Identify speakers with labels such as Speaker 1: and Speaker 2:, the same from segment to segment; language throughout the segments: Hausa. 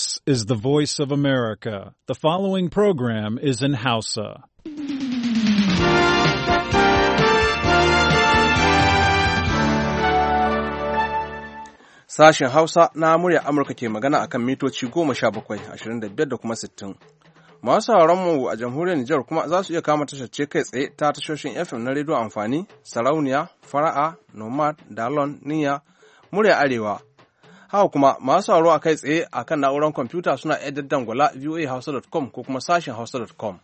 Speaker 1: This is the voice of America. The following program is in Hausa.
Speaker 2: Sashen Hausa na murya Amurka ke magana a kan mitoci goma sha bakwai, ashirin da biyar da kuma sittin. Masu mu a jamhuriyar Nijar kuma za su iya kama tashar kai tsaye ta tashoshin FM na rediyo amfani, sarauniya, fara'a, nomad, dalon, niyya, murya arewa, Haka kuma masu sauraro a kai tsaye a kan na'urar kwamfuta suna iya daddangwala voahouse.com ko kuma sashen hausa.com.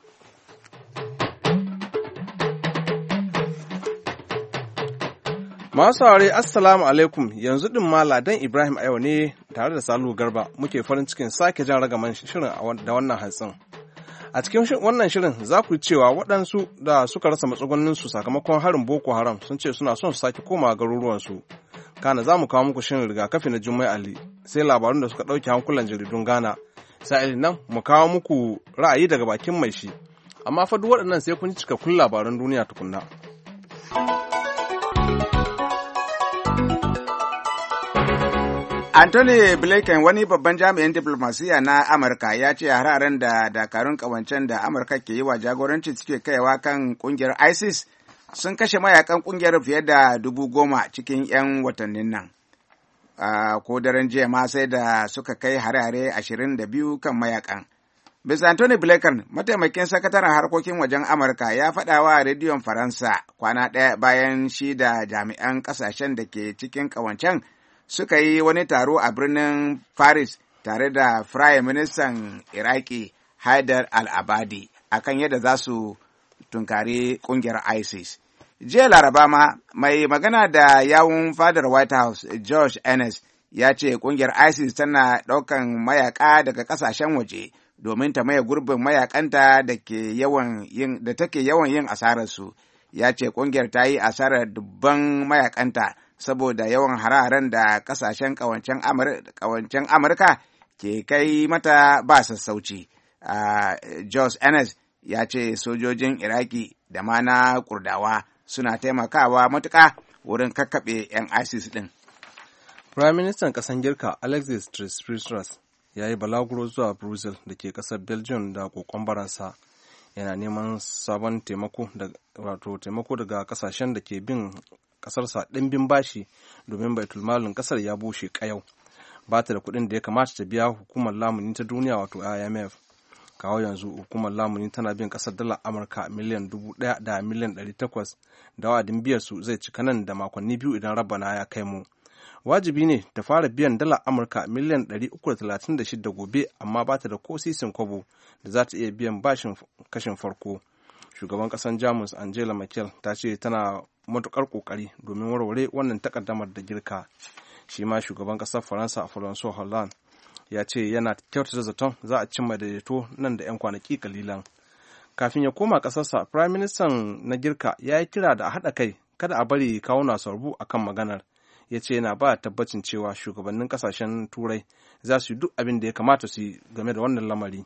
Speaker 2: Masu saurare Assalamu alaikum yanzu ɗin ma Ladan Ibrahim Ayo ne tare da Salu Garba muke farin cikin sake jan ragaman shirin da wannan hatsin. a cikin wannan shirin za ku cewa waɗansu da suka rasa matsugunninsu sakamakon harin boko haram sun ce suna son su sake koma garuruwansu Kana za mu kawo muku shirin rigakafi na Jummai Ali sai labarun da suka ɗauki hankulan jaridun Ghana. Sa'ilin nan mu kawo muku ra'ayi daga bakin mai shi. Amma fa duk waɗannan sai
Speaker 3: kun cika kun labaran duniya tukunna. Anthony Blinken wani babban jami'in diplomasiya na Amurka ya ce hararen da dakarun kawancen da Amurka ke yi wa jagoranci suke kaiwa kan kungiyar ISIS sun kashe mayakan ƙungiyar fiye da dubu goma cikin 'yan watannin nan. ko daren jiya ma sai da suka kai hare-hare ashirin da biyu kan mayakan. Bis Anthony Blinken, mataimakin sakataren harkokin wajen Amurka ya faɗa wa rediyon Faransa kwana ɗaya bayan shi da jami'an ƙasashen da ke cikin ƙawancen suka yi wani taro a birnin Paris tare da Firayim Ministan Iraki Haidar Al-Abadi a kan yadda za su tunkari kungiyar isis jiya laraba ma mai magana da yawun fadar white house george ennis ya ce kungiyar isis tana ɗaukan mayaka daga ƙasashen waje domin ta maye gurbin mayakanta da take yawan yin asararsu ya ce kungiyar ta yi asarar dubban mayakanta saboda yawan hararen da ƙasashen ƙawancen amurka ke kai mata ba sassauci uh, ah, jos ennis ya ce sojojin iraki da ma na kurdawa suna taimakawa matuƙa wurin kakkaɓe 'yan isis ɗin. Prime Minister ƙasar Girka Alexis
Speaker 2: Tsipras ya yi balaguro zuwa Brussels da ke kasar Belgium da kokon baransa yana neman sabon taimako daga ƙasashen da ke bin ƙasarsa ɗimbin bashi domin bai tulmalin ƙasar ya bushe ƙayau ba ta da kuɗin da ya kamata ta biya hukumar lamuni ta duniya wato IMF. kawo yanzu hukumar lamuni tana bin kasar dalar amurka miliyan dubu daya da miliyan ɗari takwas da wa'adin biyar su zai cika nan da makonni biyu idan rabana ya kai mu wajibi ne ta fara biyan dalar amurka miliyan 336 gobe amma ba ta da ko sisin kwabo da za ta iya biyan bashin kashin farko shugaban kasar jamus angela merkel ta ce tana matukar kokari domin warware wannan takaddamar da girka shi ma shugaban kasar faransa francois hollande ya ce yana kyautata zaton za a cimma daidaito nan da 'yan kwanaki kalilan kafin ya koma ƙasarsa prime minister na girka ya yi kira da a haɗa kai kada a bari kawo na sarbu a kan maganar ya ce yana ba tabbacin cewa shugabannin ƙasashen turai za su yi duk abin da ya kamata su yi game da wannan lamari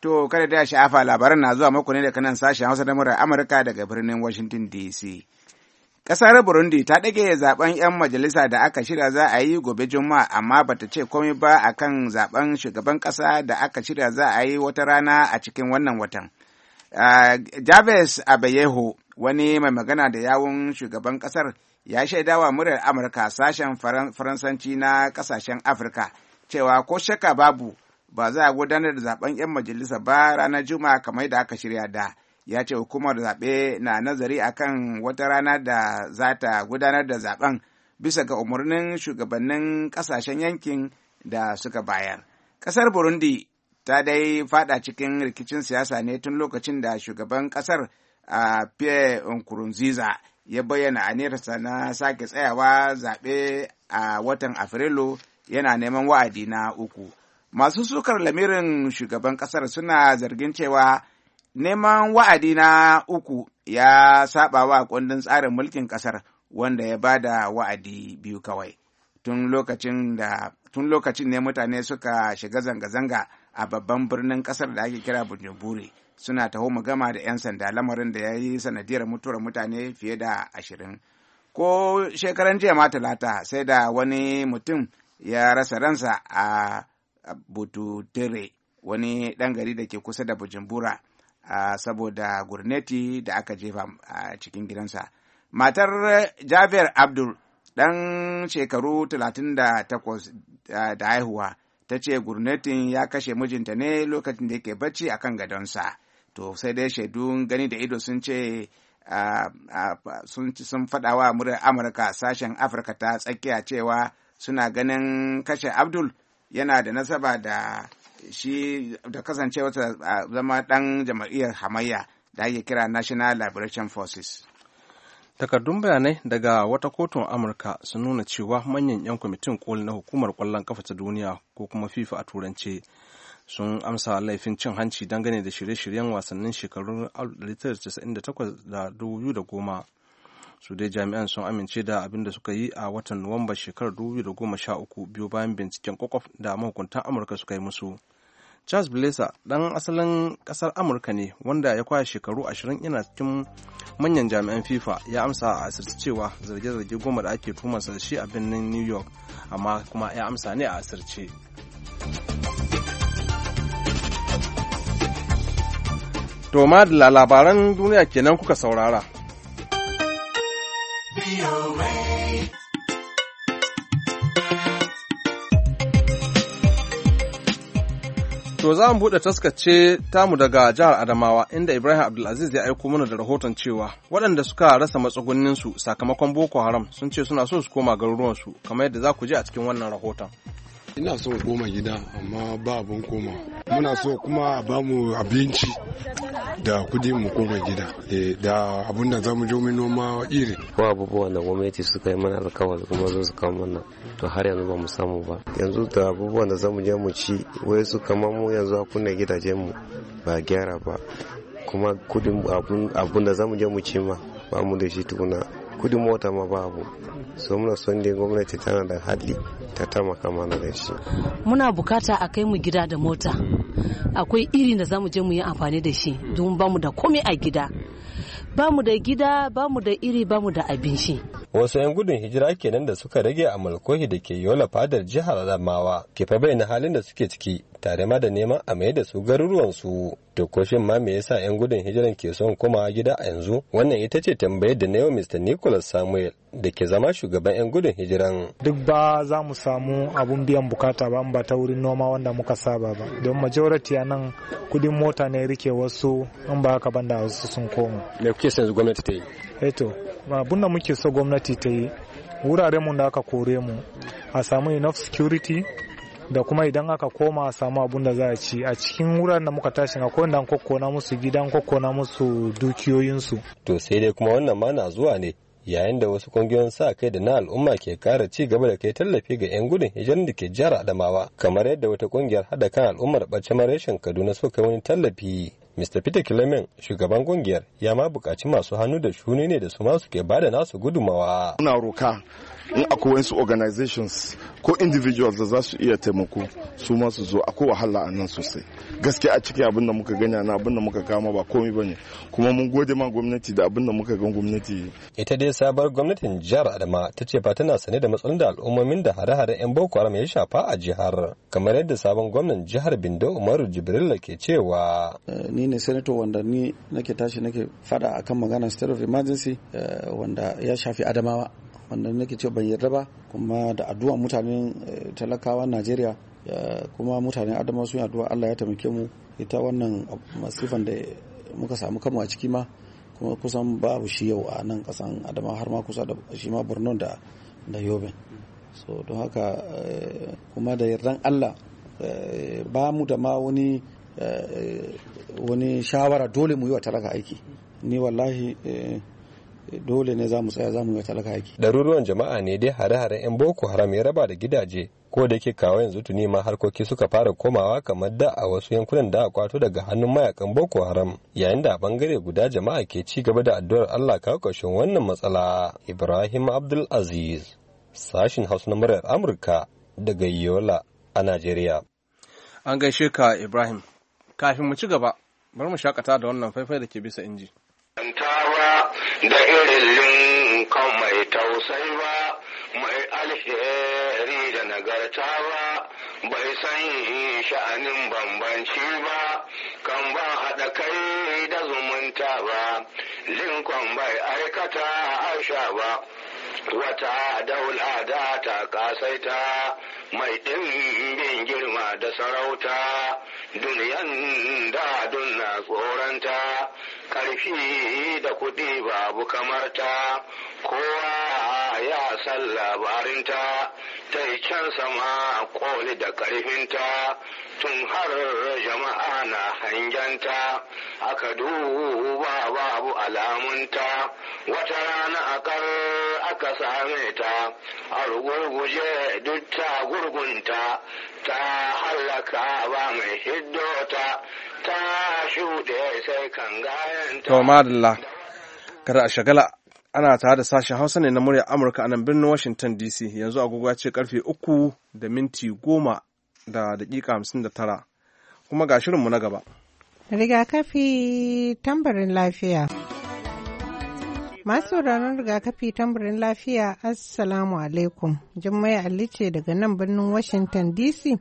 Speaker 3: to kada da Shafa labaran na zuwa muku ne daga nan sashen hausa na murar amurka daga birnin washington dc Ƙasar Burundi ta ɗage zaben 'yan majalisa da aka shirya za a yi gobe Juma'a amma bata ce komai ba a kan zaben shugaban ƙasa da aka shirya za a yi wata rana a cikin wannan watan. Uh, Javes wani mai magana da yawun shugaban ƙasar ya shaida wa muryar Amurka sashen Faransanci na ƙasashen Afirka cewa ko shakka babu ba za a gudanar da zaben 'yan majalisa ba ranar Juma'a kamar da aka shirya da. ya ce hukumar zaɓe na nazari a kan wata rana da za ta gudanar da zaɓen bisa ga umarnin shugabannin ƙasashen yankin da suka bayar. Ƙasar Burundi ta dai faɗa cikin rikicin siyasa ne tun lokacin da shugaban ƙasar a Pierre Nkurunziza ya bayyana aniyarsa na sake tsayawa zaɓe a watan Afrilu yana neman wa'adi na uku. Masu sukar lamirin shugaban ƙasar suna zargin cewa neman wa'adi na uku ya saba wa kundin tsarin mulkin ƙasar wanda ya ba da wa'adi biyu kawai tun lokacin ne mutane suka shiga zanga-zanga a babban birnin ƙasar da ake kira bujumbure suna taho gama da 'yan sanda lamarin da ya yi sanadiyar mutuwar mutane fiye da ashirin ko shekaran jiya ma talata sai da wani mutum ya rasa ransa a bututere wani ɗan gari da ke kusa da bujumbura saboda gurneti da aka jefa a cikin gidansa matar eh, jafiyar abdul ɗan shekaru talatin da takwas eh, da haihuwa ta ce gurnetin ya kashe mijinta ne lokacin da yake bacci a kan gadonsa to sai dai shaidun gani da ido sun ce sun faɗa wa murar amurka sashen afirka ta tsakiya cewa suna ganin kashe abdul yana da nasaba da shi da kasance a zama ɗan jam'iyyar hamayya da ake kira National Liberation Forces.
Speaker 2: Takardun bayanai daga wata kotun Amurka sun nuna cewa manyan 'yan kwamitin koli na hukumar kwallon kafa ta duniya ko kuma FIFA a turance sun amsa laifin cin hanci dangane da shirye-shiryen wasannin shekarun 1998 da 2010 su dai jami'an sun amince da abin da suka yi a watan nuwamba shekarar 2013 biyu bayan binciken kwakwaf da mahukuntan amurka suka yi musu charles blesa dan asalin kasar amurka ne wanda ya kwaya shekaru 20 yana cikin manyan jami'an fifa ya amsa a asirce cewa zarge-zarge goma da ake tumarsa da shi a birnin new york amma kuma ya amsa ne a asirce to ma labaran duniya kenan kuka saurara To za mu buɗe taskace tamu daga jihar Adamawa inda Ibrahim Abdulaziz ya aiko mana da rahoton cewa waɗanda suka rasa matsugunninsu sakamakon Boko Haram sun ce suna so su koma garuruwansu kamar yadda za ku je a cikin wannan rahoton. ina so koma gida amma ba abin koma muna so kuma a bamu abinci da kudi mu koma
Speaker 4: gida eh, da abin da zamu je mu noma iri ko abubuwan da gwamnati suka yi mana alkawari kuma zo su kawo mana to har yanzu ba mu samu ba yanzu da abubuwan da zamu je mu ci wai su kama mu yanzu a kunne gidajen mu ba gyara ba kuma kudin abun da zamu je mu ci ma ba mu da shi tukuna kudin mota ma abu so muna son dai gwamnati tana da hali ta taimaka mana da shi
Speaker 1: muna bukata a kai mu gida da mota akwai iri da zamu je mu yi amfani da shi don ba mu da komai a gida Ba mu da gida ba mu da iri ba mu da abinci
Speaker 4: wasu 'yan gudun hijira kenan da suka rage a malkohi da ke yola fadar jihar adamawa ke fa bayyana halin da suke ciki tare ma da nema a mai da su garuruwansu to ko shin ma me yasa yan gudun hijiran ke son komawa gida a yanzu wannan ita ce tambayar da na yau Mr. Nicholas Samuel da ke zama shugaban yan gudun hijiran
Speaker 5: duk ba za mu samu abun biyan bukata ba ba ta wurin noma wanda muka saba ba don majority a nan kudin mota ne rike wasu in ba haka banda wasu sun koma
Speaker 4: me kuke son gwamnati ta yi
Speaker 5: eto eh abun da muke so gwamnati ta yi wuraren mu da aka kore mu a samu enough security da kuma idan aka koma samu abun da za a ci a cikin wuraren da muka tashi akwai wanda an musu gidan kokona musu
Speaker 4: dukiyoyinsu to sai dai kuma wannan mana zuwa ne yayin da wasu kungiyoyin sa kai da na al'umma ke kara ci gaba da kai tallafi ga 'yan gudun hijirar da ke jihar adamawa kamar yadda wata kungiyar hada kan al'ummar bacci reshen kaduna suka wani tallafi Mr. Peter Clement, shugaban kungiyar, ya ma buƙaci masu hannu da shuni ne da su ma suke bada nasu gudumawa. Muna roka
Speaker 5: in akwai wasu organizations ko individuals da za su iya taimako su ma su zo akwai wahala a nan sosai gaskiya a cikin abin da muka gani na abin da muka kama ba komai bane kuma mun
Speaker 4: gode ma gwamnati da abin da muka gan gwamnati ita dai sabar gwamnatin jihar Adama ta ce ba tana sane da matsalolin da al'ummomin da hare-hare yan Boko Haram ya shafa a jihar kamar yadda sabon gwamnan jihar Bindo Umaru Jibrilla ke cewa eh, ni ne senator wanda ni nake tashi nake fada akan maganar state of emergency eh, wanda ya shafi Adamawa wanda nake ce ban yarda ba kuma da addu'a mutanen eh, talakawa najeriya kuma mutanen adama sun addu'a allah ya taimake mu ita wannan masifan da muka samu kanmu a ciki ma kuma kusan babu shi yau a nan kasan adama har ma kusa da shi ma borno da da yobe so don haka eh, kuma da yardan allah eh, ba mu da ma wani wani shawara dole mu yi wa talaka aiki ni wallahi dole ne za mu tsaya za mu ga talaka yaki ɗaruruwan jama'a ne dai hare-haren 'yan boko haram ya raba da gidaje ko da yake kawo yanzu tuni ma harkoki suka fara komawa kamar da a wasu yankunan da a kwato daga hannun mayakan boko haram yayin da a bangare guda jama'a ke ci gaba da addu'ar allah kawo ƙarshen wannan matsala ibrahim abdul aziz sashin hausa na muryar amurka daga yola a najeriya
Speaker 2: an gaishe ka ibrahim kafin mu ci gaba bari mu shakata da wannan faifai da ke bisa inji.
Speaker 6: da irin linkan mai tausai ba mai alheri da nagarta ba bai san sha'anin bambanci ba kan ba haɗa kai da zumunta ba linkan bai aikata harsha ba wata daula da ta kasaita mai ɗimbin girma da sarauta duniyan da dunna tsoronta ƙarfi da kuɗi babu kamarta kowa ya san labarinta ta yi can sama koli da ƙarfinta tun har jama'a na hangenta aka duba babu alamunta wata rana a kar aka same ta a rugurguje duk ta gurgunta ta hallaka
Speaker 2: ba mai hiddota ta shuɗe sai kan gayan ta. To madalla, kada a shagala ana tare da sashen Hausa ne na murya Amurka a nan birnin Washington DC yanzu agogo ce karfe uku da minti goma da daƙiƙa hamsin da tara. Kuma ga shirinmu na gaba.
Speaker 1: Rigakafi tambarin lafiya. Masu sauraron rigakafi tambarin lafiya Assalamu alaikum. Jummai Ali ce daga nan birnin Washington DC.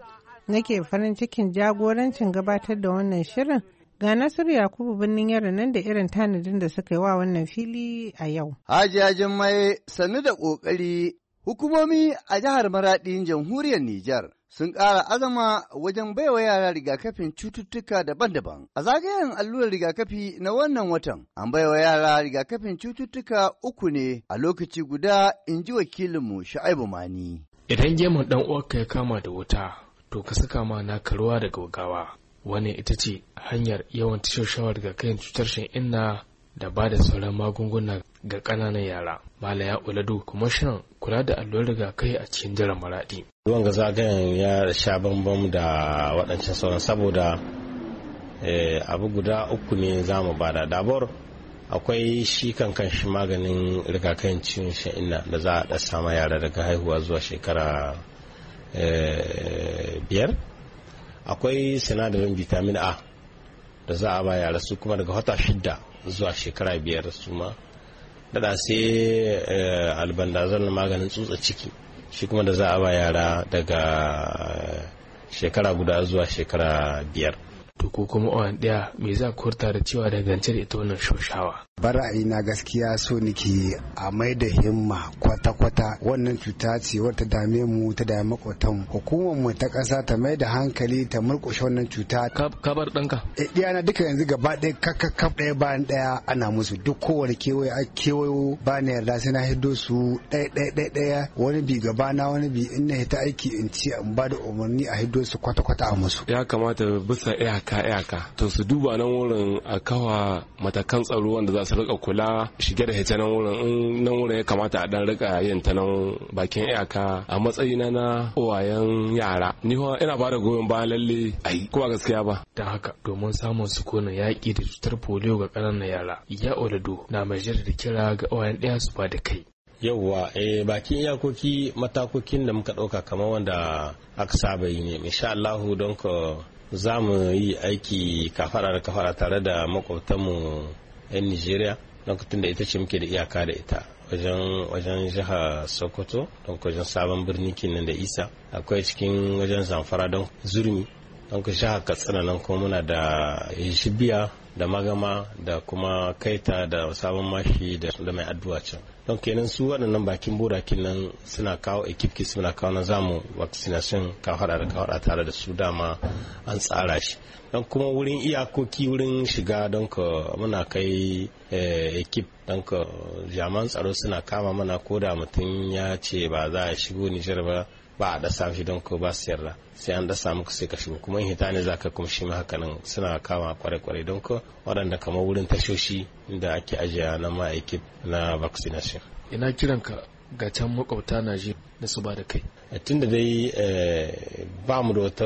Speaker 1: nake farin cikin jagorancin gabatar da wannan shirin ga Nasiru Yakubu birnin yaro nan da irin tanadin da suka yi wa wannan fili a yau. Hajiya mai sannu da ƙoƙari hukumomi a jihar Maraɗi, jamhuriyar Nijar. Sun kara azama wajen baiwa yara rigakafin cututtuka daban-daban. A zagayen allurar rigakafi na wannan watan, an baiwa yara rigakafin cututtuka uku ne a lokaci guda, in ji wakilinmu Sha'ibu Mani.
Speaker 7: Idan gemun ɗan uwarka ya kama da wuta, to ka saka ma na karuwa daga gaugawa wannan ita ce hanyar yawan tashar ga kayan cutar shan inna da ba da sauran magunguna ga ƙananan yara malaya uladu kuma shan kula da allurar rigakai a cikin jiran maraɗi. ruwan ga zagayen ya sha bambam da waɗancan sauran saboda eh, abu guda uku ne za mu da dabor akwai shi kankan shi maganin rigakai ciwon sha'ina da za a ɗasa yara daga haihuwa zuwa shekara Eh, biyar akwai sinadarin vitamin a da za a ba yara su kuma daga wata shida zuwa shekara biyar su ma da sai eh, albandazol na maganin tsutsa ciki shi kuma da za a ba yara daga shekara guda zuwa shekara biyar to ko kuma ɗaya me za kurta da cewa da da ita wannan shoshawa
Speaker 6: bara'ayi na gaskiya so nake a mai da himma kwata-kwata wannan cuta ce wata dame mu ta dame makwatan hukumar mu ta ƙasa ta mai da hankali ta murƙushe wannan cuta
Speaker 2: kabar ɗanka
Speaker 6: eh, na duka yanzu gaba ɗaya kakkakaf ɗaya bayan ɗaya ana musu duk kowane kewaye a kewayo ba na yarda sai na hiddo su ɗaya ɗaya wani bi gaba na wani bi in na hita aiki in ci in ba da umarni a hiddo su kwata-kwata a musu
Speaker 7: ya kamata bisa iyaka iyaka to su duba nan wurin a kawa matakan tsaro wanda za su rika kula shige da hita nan wurin in nan wurin ya kamata a dan rika yin ta nan bakin iyaka a matsayina na uwayen yara ni ina ba da goyon ba lalle ai kuma gaskiya ba da haka domin samun kona yaki da cutar polio ga ƙananan yara ya olado na mai da kira ga uwayen ɗaya su ba da kai yauwa eh bakin iyakoki matakokin da muka ɗauka kamar wanda aka saba yi ne insha Allah don ka za yi aiki kafara da kafara tare da makwabtanmu 'yan nigeria don da ita ce muke da iyaka da ita wajen wajen jihar sokoto don wajen sabon birni kenan da isa akwai cikin wajen zamfara don zurmi don ku jihar katsina nan kuma muna da shibiya da magama da kuma kaita da sabon mashi da mai addu'a can don kenan su waɗannan bakin burakin nan suna kawo ekipki suna kawo na zamu vaccination hada da hada tare da su dama an tsara shi don kuma wurin iyakoki wurin shiga don ka muna kai eh, ekip don ka jaman tsaro suna kama mana ko da mutum ya ce ba za a shigo nijar ba ba a dasa shi don ko ba su yarda sai an dasa muku sai ka shigo kuma in hita ne zaka kuma shi ma haka nan suna kama kwarai kwarai don ko waɗanda kamar wurin tashoshi inda ake ajiya na ma'aikin na vaccination ina kiranka ga can makwabta najeriya da su ba da kai eh, tun da dai eh, ba mu da wata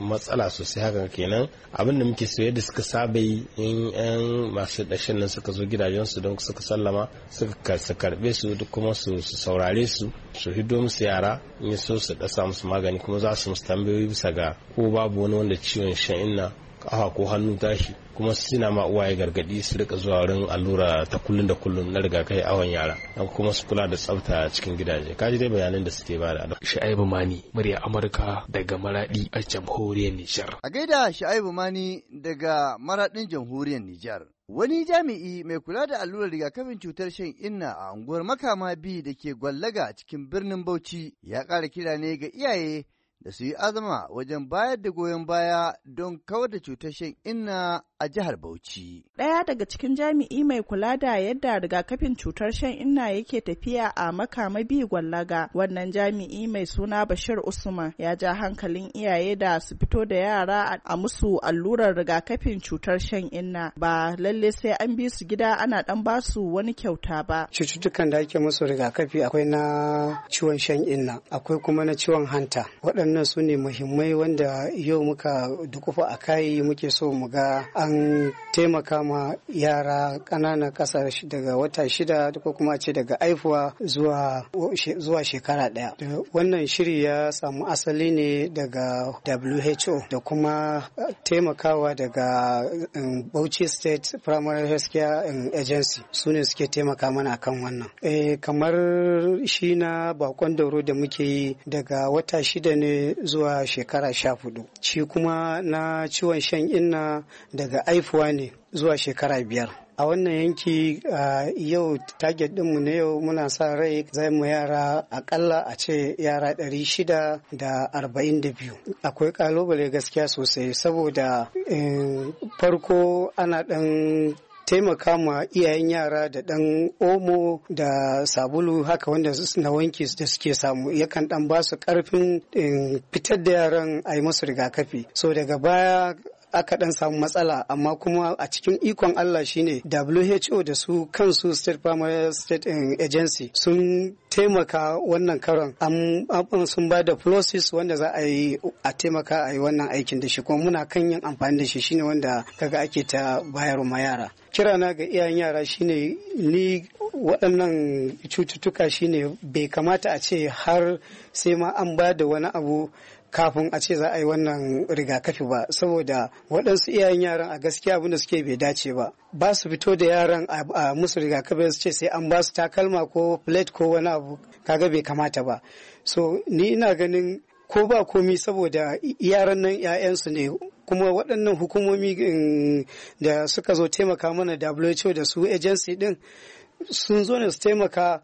Speaker 7: matsala sosai haka kenan abin da muke soya da suka saba yi in yan masu dashen nan suka zo gidajensu don suka sallama suka karbe su duk kuma su saurare su su hido musu yara in so su dasa musu magani kuma za su musu tambayoyi bisa ga ko babu wani wanda ciwon shan na kafa ko hannu tashi kuma suna ma uwaye gargadi su rika zuwa wurin allura ta kullum da kullum na rigakai awon yara an kuma su kula da tsafta cikin gidaje kaji dai bayanan da suke ba da sha'ibu mani murya amurka daga maradi a jamhuriyar nijar
Speaker 1: a gaida sha'ibu mani daga maradin jamhuriyar nijar Wani jami'i mai kula da allurar rigakafin cutar shan inna a unguwar makama bi da ke gwallaga cikin birnin Bauchi ya kara kira ne ga iyaye da su yi azama wajen bayar da goyon baya don kawar da cutar shan inna a jihar Bauchi. Ɗaya daga cikin jami'i mai kula da yadda rigakafin cutar shan inna yake tafiya a makama bi gwallaga wannan jami'i mai suna Bashir Usman ya ja hankalin iyaye da su fito da yara a musu allurar rigakafin cutar shan inna ba lalle sai an bi su gida ana dan ba su wani kyauta ba. Cututtukan da ake musu rigakafi akwai na ciwon shan inna akwai kuma na ciwon hanta waɗannan waɗannan su ne muhimmai wanda yau muka dukufa a kai muke so mu ga an taimaka ma yara ƙananan ƙasa daga wata shida ko kuma ce daga aifuwa zuwa shekara ɗaya wannan shiri ya samu asali ne daga who da kuma taimakawa daga um, bauchi state primary health care um, agency su ne suke taimaka mana akan wannan eh, kamar shi na bakon dauro da muke yi daga wata shida ne zuwa shekara sha hudu shi kuma na ciwon shan inna daga aifuwa ne zuwa shekara biyar a wannan yanki a yau target dinmu na yau muna sa rai zai mu yara akalla a ce yara ɗari shida da da arba'in biyu akwai kalubale gaskiya sosai saboda eh, farko ana ɗan. taimaka ma iyayen yara da ɗan omo da sabulu haka wanda na wanki da suke samu yakan ɗan ba su ƙarfin eh, fitar da yaran a yi musu rigakafi so daga baya aka dan samu matsala amma kuma a cikin ikon Allah shine WHO da su kansu State Farmer State eh, Agency sun taimaka wannan karon an sun ba da process wanda za a yi a taimaka a yi wannan aikin da shi kuma muna kan yin amfani da shi shine wanda kaga ake ta bayar ma yara kirana ga iyayen yara shine ni waɗannan cututtuka shine bai kamata a ce har sai ma an ba da wani abu kafin a ce za a yi wannan rigakafi ba saboda waɗansu iyayen yaran a gaskiya abinda da suke bai dace ba ba su fito da yaran a musu rigakafi su ce sai an ba su takalma ko plate ko wani abu kaga bai kamata ba so ni ina ganin ko ba komi saboda yaran nan 'ya'yansu ne kuma waɗannan hukumomi um, da suka zo taimaka mana WHO da su agency din sun zo ne su taimaka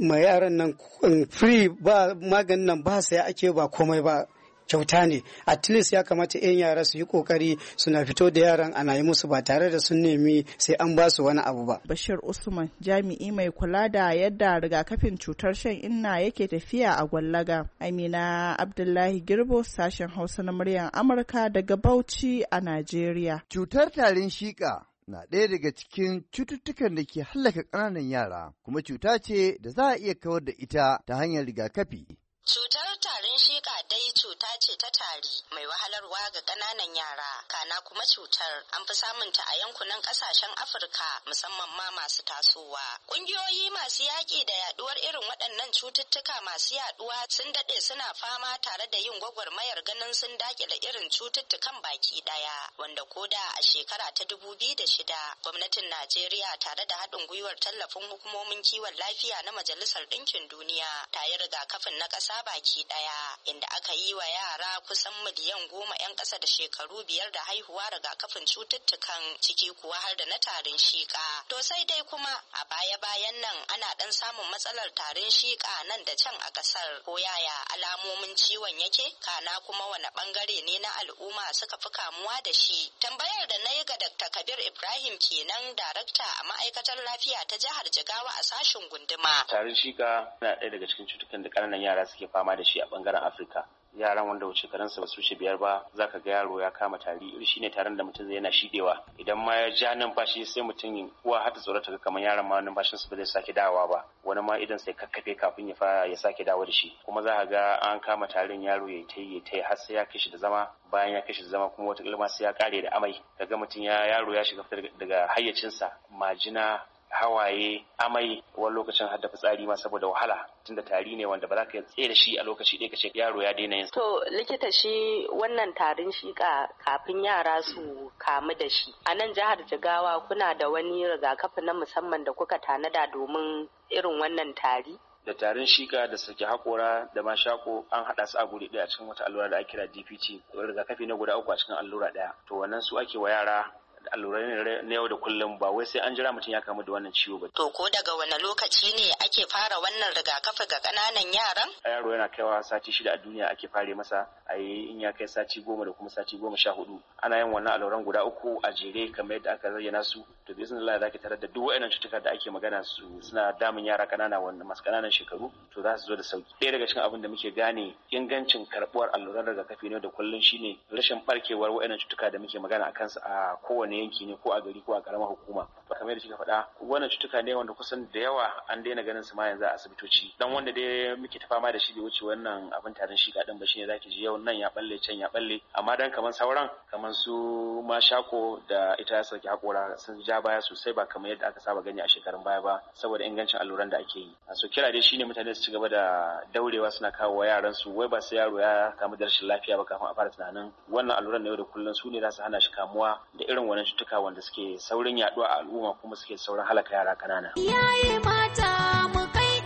Speaker 1: ma yaran nan um, free ba maganin nan ba sai ake ba komai ba kyauta ne at least ya kamata 'yan yara su yi kokari suna fito da yaran ana yi musu ba tare da sun nemi sai an ba su wani abu ba bashir usman jami'i mai kula da yadda rigakafin cutar shan inna yake tafiya a gwallaga amina abdullahi girbo sashen hausa na muryar amurka daga bauchi a najeriya cutar tarin shika na ɗaya daga cikin cututtukan da ke hallaka ƙananan yara kuma cuta ce da za a iya kawar da ita ta hanyar rigakafi
Speaker 8: cutar tarin shiƙa dai cuta ce ta tari mai wahalarwa ga ƙananan yara kana kuma cutar an fi samun ta a yankunan ƙasashen Afirka musamman ma masu tasowa. Ƙungiyoyi masu yaƙi da yaɗuwar irin waɗannan cututtuka masu yaɗuwa sun daɗe suna fama tare da yin gwagwarmayar ganin sun daƙile irin cututtukan baki ɗaya wanda ko da, a shekara ta dubu biyu da shida gwamnatin Najeriya tare da haɗin gwiwar tallafin hukumomin kiwon lafiya na Majalisar Ɗinkin Duniya ta yi rigakafin na ƙasa baki ɗaya inda aka yi wa yara kusan miliyan goma 'yan ƙasa da shekaru biyar da haihuwa daga kafin cututtukan ciki kuwa har da na tarin shiƙa. To sai dai kuma a baya-bayan nan ana ɗan samun matsalar tarin shiƙa nan da can a ƙasar ko yaya alamomin ciwon yake kana kuma wani bangare ne na al'umma suka fi kamuwa da shi. Tambayar da na yi ga Dr. Kabir Ibrahim kenan darakta a ma'aikatar lafiya ta jihar Jigawa a sashen gunduma. Tarin
Speaker 9: shiƙa na ɗaya daga cikin cutukan da ƙananan yara suke fama da shi a bangaren afirka yaran wanda wuce karen ba su wuce biyar ba za ka ga yaro ya kama tari shi ne taron da mutum zai yana shidewa idan ma ya ja numfashi sai mutum uwa har ta tsorata ga kamar yaron ma numfashin su ba zai sake dawowa ba wani ma idan sai kakkafe kafin ya fara ya sake dawo da shi kuma za ka ga an kama tarin yaro ya ta ya ta har sai ya kishi da zama bayan ya kishi da zama kuma wata ma sai ya kare da amai Ka ga mutum ya yaro ya shiga daga hayyacinsa majina hawaye amai wani lokacin har fitsari ma saboda wahala da tari ne wanda ba za ka tsaye da shi a lokaci ɗaya ka ce yaro ya daina yin
Speaker 8: to likita shi wannan tarin shika kafin yara su kamu da shi a nan jihar jigawa kuna da wani rigakafi na musamman da kuka tanada domin irin wannan tari
Speaker 9: da tarin shika da sake hakora da ma shako an haɗa su a guri ɗaya a cikin wata allura da ake kira DPT rigakafi na guda uku a cikin allura ɗaya to wannan su ake wa yara allurai na yau da kullum ba wai sai an jira mutum ya kamu da wannan ciwo ba.
Speaker 8: To ko daga wani lokaci ne ake fara wannan rigakafi ga kananan yaran?
Speaker 9: Yaro yana kaiwa sati shida a duniya ake fare masa a yi in ya kai sati goma da kuma sati goma sha hudu. Ana yin wannan alluran guda uku a jere kamar yadda aka zayyana su to bi Allah za ki tarar da duk wa'annan cutuka da ake magana su suna damun yara ƙanana wanda masu ƙananan shekaru to za su zo da sauki. Ɗaya daga cikin abin da muke gane ingancin karɓuwar alluran rigakafi ne da kullum shine rashin barkewar wa'annan cutuka da muke magana a kansu a kowane kowane yanki ne ko a gari ko a karamar hukuma to kamar yadda kika faɗa wannan cutuka ne wanda kusan da yawa an daina ganin su ma yanzu a asibitoci dan wanda dai muke ta fama da shi bai wuce wannan abin tarin shi din ba shine zaki ji yau nan ya balle can ya balle amma dan kamar sauran kamar su shako da ita ya sauki hakora sun ja baya sosai ba kamar yadda aka saba gani a shekarun baya ba saboda ingancin alluran da ake yi so kira dai shine mutane su ci gaba da daurewa suna kawo wa yaran su wai ba sai yaro ya kamu da rashin lafiya ba kafin a fara tunanin wannan alluran na yau da kullum su ne za su hana shi kamuwa da irin wani ƙananan cutuka wanda suke saurin yaduwa a al'umma kuma suke saurin halaka yara kanana
Speaker 8: Iyaye mata mu kai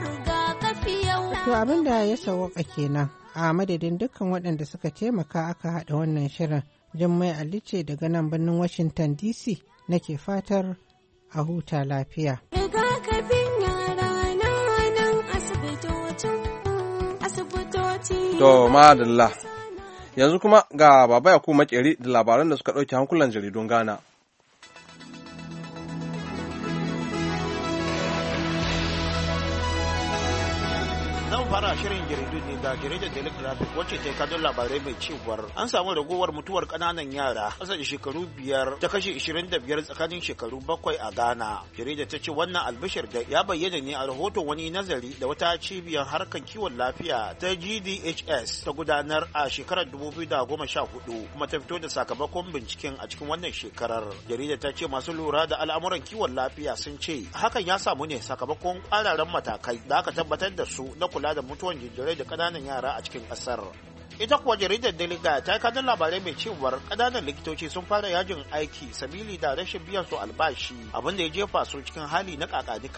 Speaker 8: rigakafi yau. To
Speaker 1: abin da ya sawwaka kenan a madadin dukkan waɗanda suka taimaka aka haɗa wannan shirin. Jummai mai ce daga nan birnin Washington DC nake fatar a huta lafiya.
Speaker 8: To,
Speaker 2: madalla. Yanzu kuma ga Baba Ya ku Makeri da labaran da suka ɗauki hankulan jaridun Ghana.
Speaker 5: fara shirin jaridu ne ga jaridar Daily Graphic wacce ta yi kadon labarai mai cewar an samu ragowar mutuwar kananan yara kasa da shekaru biyar ta kashe 25 tsakanin shekaru bakwai a Ghana. Jaridar ta ce wannan albishir da ya bayyana ne a rahoton wani nazari da wata cibiyar harkar kiwon lafiya ta GDHS ta gudanar a shekarar 2014 kuma ta fito da sakamakon binciken a cikin wannan shekarar. Jaridar ta ce masu lura da al'amuran kiwon lafiya sun ce hakan ya samu ne sakamakon kwararren matakai da aka tabbatar da su na kula da da mutuwan jinjirai da ƙananan yara a cikin ƙasar ita kuwa jaridar deliga ta kadar labarai mai cewar kananan likitoci sun fara yajin aiki sabili da rashin biyan su albashi abin da ya jefa su cikin hali na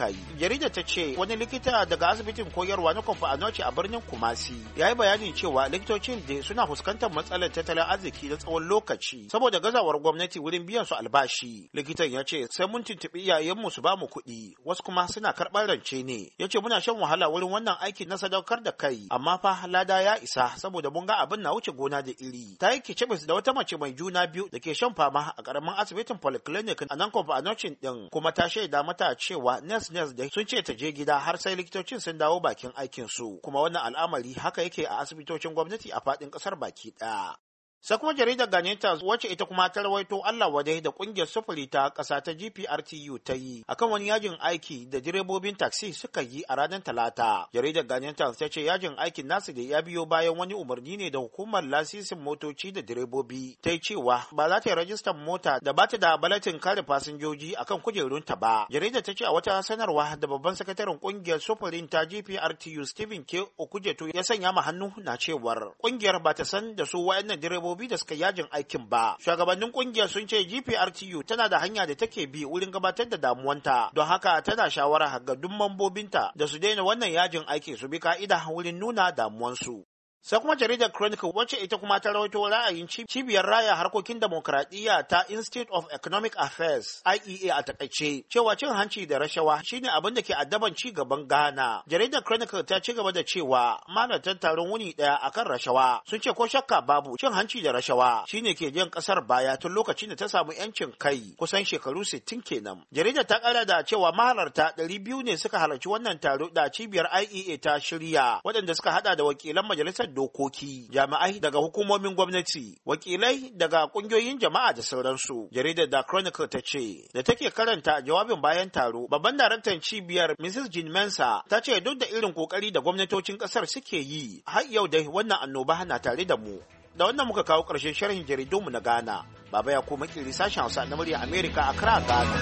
Speaker 5: yi jaridar ta ce wani likita daga asibitin koyarwa na kwamfa anoci a birnin kumasi ya yi bayanin cewa likitocin da suna fuskantar matsalar tattalin arziki na tsawon lokaci saboda gazawar gwamnati wurin biyan su albashi likitan ya ce sai mun tuntuɓi mu su ba mu kuɗi wasu kuma suna karɓar rance ne ya ce muna shan wahala wurin wannan aiki na sadaukar da kai amma fa lada ya isa saboda mun ga abin na wuce gona da iri ta yi kicibis da wata mace mai juna biyu da ke shan fama a karamin asibitin polyclinic a nan kwamfanocin din kuma ta shaida mata cewa nes nes da sun ce ta je gida har sai likitocin sun dawo bakin aikin su kuma wannan al'amari haka yake a asibitocin gwamnati a faɗin ƙasar baki ɗaya Sai kuma jaridar Ganeta wacce ita kuma ta rawaito Allah wadai da kungiyar sufuri ta ƙasa ta GPRTU ta yi akan wani yajin aiki da direbobin taxi suka yi a ranar Talata. Jaridar Ganeta ta ce yajin aikin nasu da ya biyo bayan wani umarni ne da hukumar lasisin motoci da direbobi ta yi cewa ba za ta yi rajistar mota da ba ta da balatin kare fasinjoji akan kujerun ta ba. Jaridar ta ce a wata sanarwa da babban sakataren kungiyar sufurin ta GPRTU Stephen K. Okujeto ya sanya ma hannu na cewar kungiyar ba ta san da su waɗannan direbobi dabbobi da suka yajin aikin ba shugabannin kungiyar sun ce GPRTU tana da hanya da take bi wurin gabatar da damuwanta don haka tana shawara ga duk mambobinta da su daina wannan yajin aiki su bi ka'ida wurin nuna damuwansu Sai kuma jaridar Chronicle wacce ita kuma ta rawaito ra'ayin cibiyar raya harkokin demokradiyya ta Institute of Economic Affairs IEA a takaice cewa cin hanci da rashawa shine abin da ke addaban ci gaban Ghana. Jaridar Chronicle ta ci gaba da cewa malantar taron wuni daya akan rashawa sun ce ko shakka babu cin hanci da rashawa shine ke jan kasar baya tun lokacin da ta samu yancin kai kusan shekaru 60 kenan. Jaridar ta kara da cewa mahalarta 200 ne suka halarci wannan taro da cibiyar IEA ta shirya waɗanda suka hada da wakilan majalisar dokoki jami'ai daga hukumomin gwamnati wakilai daga kungiyoyin jama'a da sauransu jaridar da chronicle ta ce da take karanta jawabin bayan taro babban daraktan cibiyar mrs jean mensa ta ce duk da irin kokari da gwamnatocin kasar suke yi har yau dai wannan annoba na tare da mu da wannan muka kawo ƙarshen sharhin mu na ghana baba ya koma kiri sashen hausa na murya america a kira ghana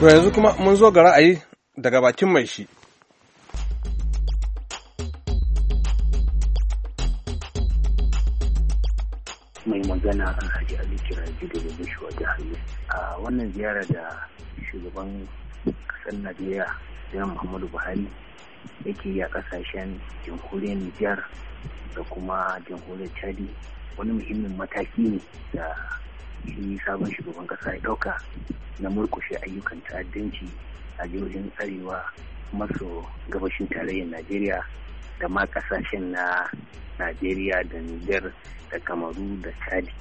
Speaker 2: to yanzu kuma mun zo ga ra'ayi daga bakin mai shi
Speaker 6: magana an haji Ali da daga Bishwa jihar A wannan ziyara da shugaban kasar Najeriya Jiran Muhammadu Buhari yake yi a kasashen jamhuriyar Nijar da kuma jamhuriyar Chadi wani muhimmin mataki ne da shi sabon shugaban kasa ya dauka na murkushe ayyukan ta'addanci a jihohin arewa maso gabashin tarayyar Najeriya da ma kasashen na Najeriya da Nijar da kamaru da chadi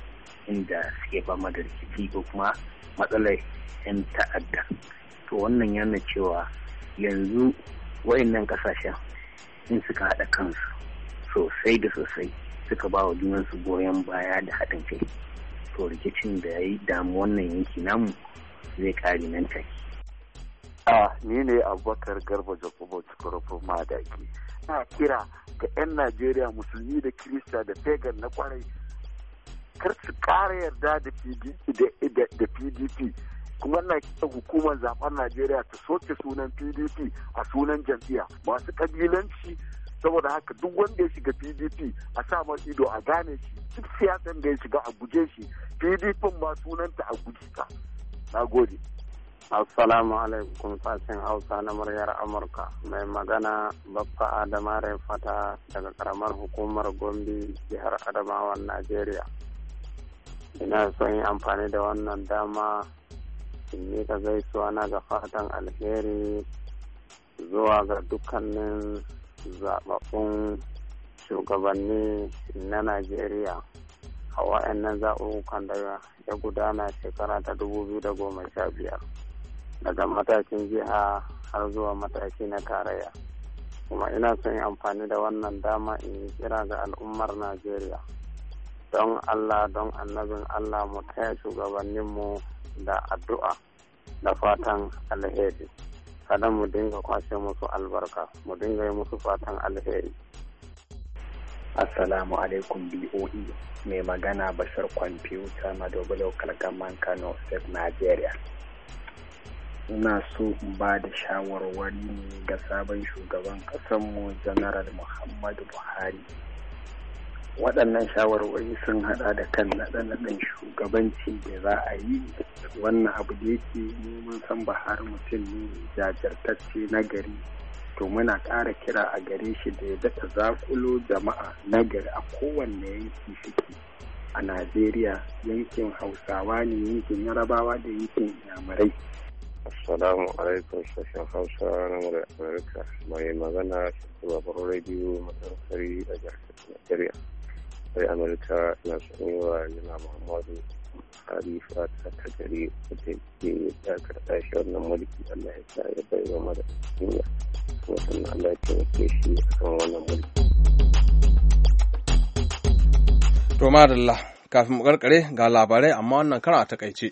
Speaker 6: inda suke fama da rikici ko kuma matsalar 'yan ta'adda to wannan yana cewa yanzu wayannan kasashen in suka haɗa kansu sosai da sosai suka ba wa junansu goyon baya da haɗin kai to rikicin da ya yi damu wannan yanki namu zai kare nan take a ni ne abubakar garba jakubu madaki na kira ga 'yan najeriya musulmi da kirista da pagan na kwarai kar su kara yarda da pdp kuma na kira hukumar zaben najeriya ta soke sunan pdp a sunan jam'iyya masu kabilanci saboda haka duk wanda ya shiga pdp a sa ido a gane shi duk siyasan da ya shiga a guje shi pdp ma sunanta a guje ta na gode Assalamu alaikum sashen Hausa na muryar Amurka mai magana Baffa Adama Fata daga karamar hukumar Gombe jihar Adamawa Najeriya. Ina son yi amfani da wannan dama in miƙa gaisuwa na ga fatan alheri zuwa ga dukkanin zaɓaɓɓun shugabanni na Najeriya a wa'annan zaɓuɓɓukan da ya gudana shekara ta dubu biyu da goma sha biyar. daga matakin jiha har zuwa mataki na tarayya kuma ina son yi amfani da wannan dama in yi kira ga al'ummar najeriya don allah don annabin allah mu taya shugabanninmu da addu'a da fatan alheri kada mu dinga kwashe musu albarka mu dinga yi musu fatan alheri assalamu alaikum boe mai magana bashar kwamfuta madogalo kalgaman kano state nigeria ina so in ba da shawarwari ne ga sabon shugaban mu janaral muhammadu buhari waɗannan shawarwari sun haɗa da kan naɗe-naɗen shugabanci da za a yi wannan abu da yake neman san buhari mutum ne jajirtacce na gari to muna ƙara kira a gare shi da ya daɗa zakulo jama'a na gari a kowanne yanki suke a najeriya yankin hausawa ne yankin yarabawa da yankin yamurai Assalamu alaikum sashen Hausa na mura Amerika. Mai magana shi babban rediyo matsarkari a jihar Najeriya. Sai Amurka na sanyewa yana Muhammadu Buhari fata ta gari da ke shi wannan mulki Allah ya sa ya bai wa mara duniya. Kuma
Speaker 2: sannan Allah ya taimake shi a kan wannan mulki. To madalla kafin mu karkare ga labarai amma wannan kara a takaice.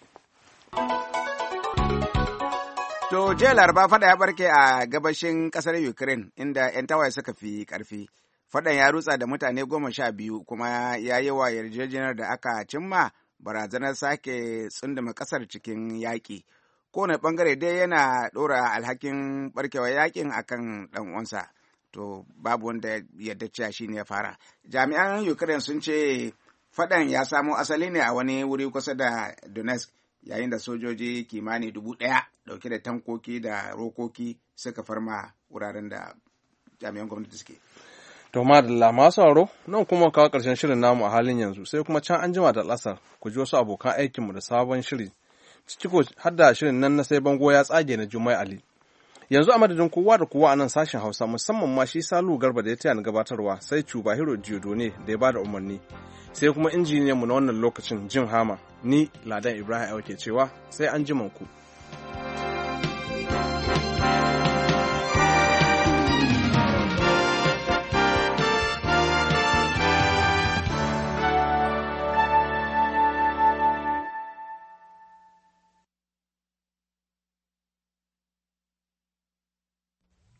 Speaker 3: To jiya laraba faɗa ya barke a gabashin ƙasar Ukraine inda 'yan tawaye suka fi karfi. faɗan ya rutsa da mutane goma sha biyu kuma ya yi wa yarjejeniyar da aka cimma barazanar sake tsunduma ƙasar cikin yaƙi. Kowane bangare dai yana ɗora alhakin barkewar yaƙin akan ɗan uwansa. To babu wanda yadda cewa shi ne ya fara. Jami'an Ukraine sun ce faɗan ya samo asali ne a wani wuri kusa da Donetsk. yayin da sojoji kimanin dubu ɗaya ɗauke da tankoki da rokoki suka farma wuraren da jami'an gwamnati suke.
Speaker 2: To madalla masu sauraro nan kuma kawo ƙarshen shirin namu a halin yanzu sai kuma can an jima da lasar ku ji wasu abokan aikinmu da sabon shiri ciki ko har da shirin nan na sai bango ya tsage na Jummai Ali yanzu a madadin kowa da kowa a nan sashen hausa musamman ma shi salu garba da ya taya ni gabatarwa sai cuba hiro ne da ya bada umarni sai kuma injiniyan mu na wannan lokacin jin hama ni ladan ibrahim ke cewa sai an ji ku. thank you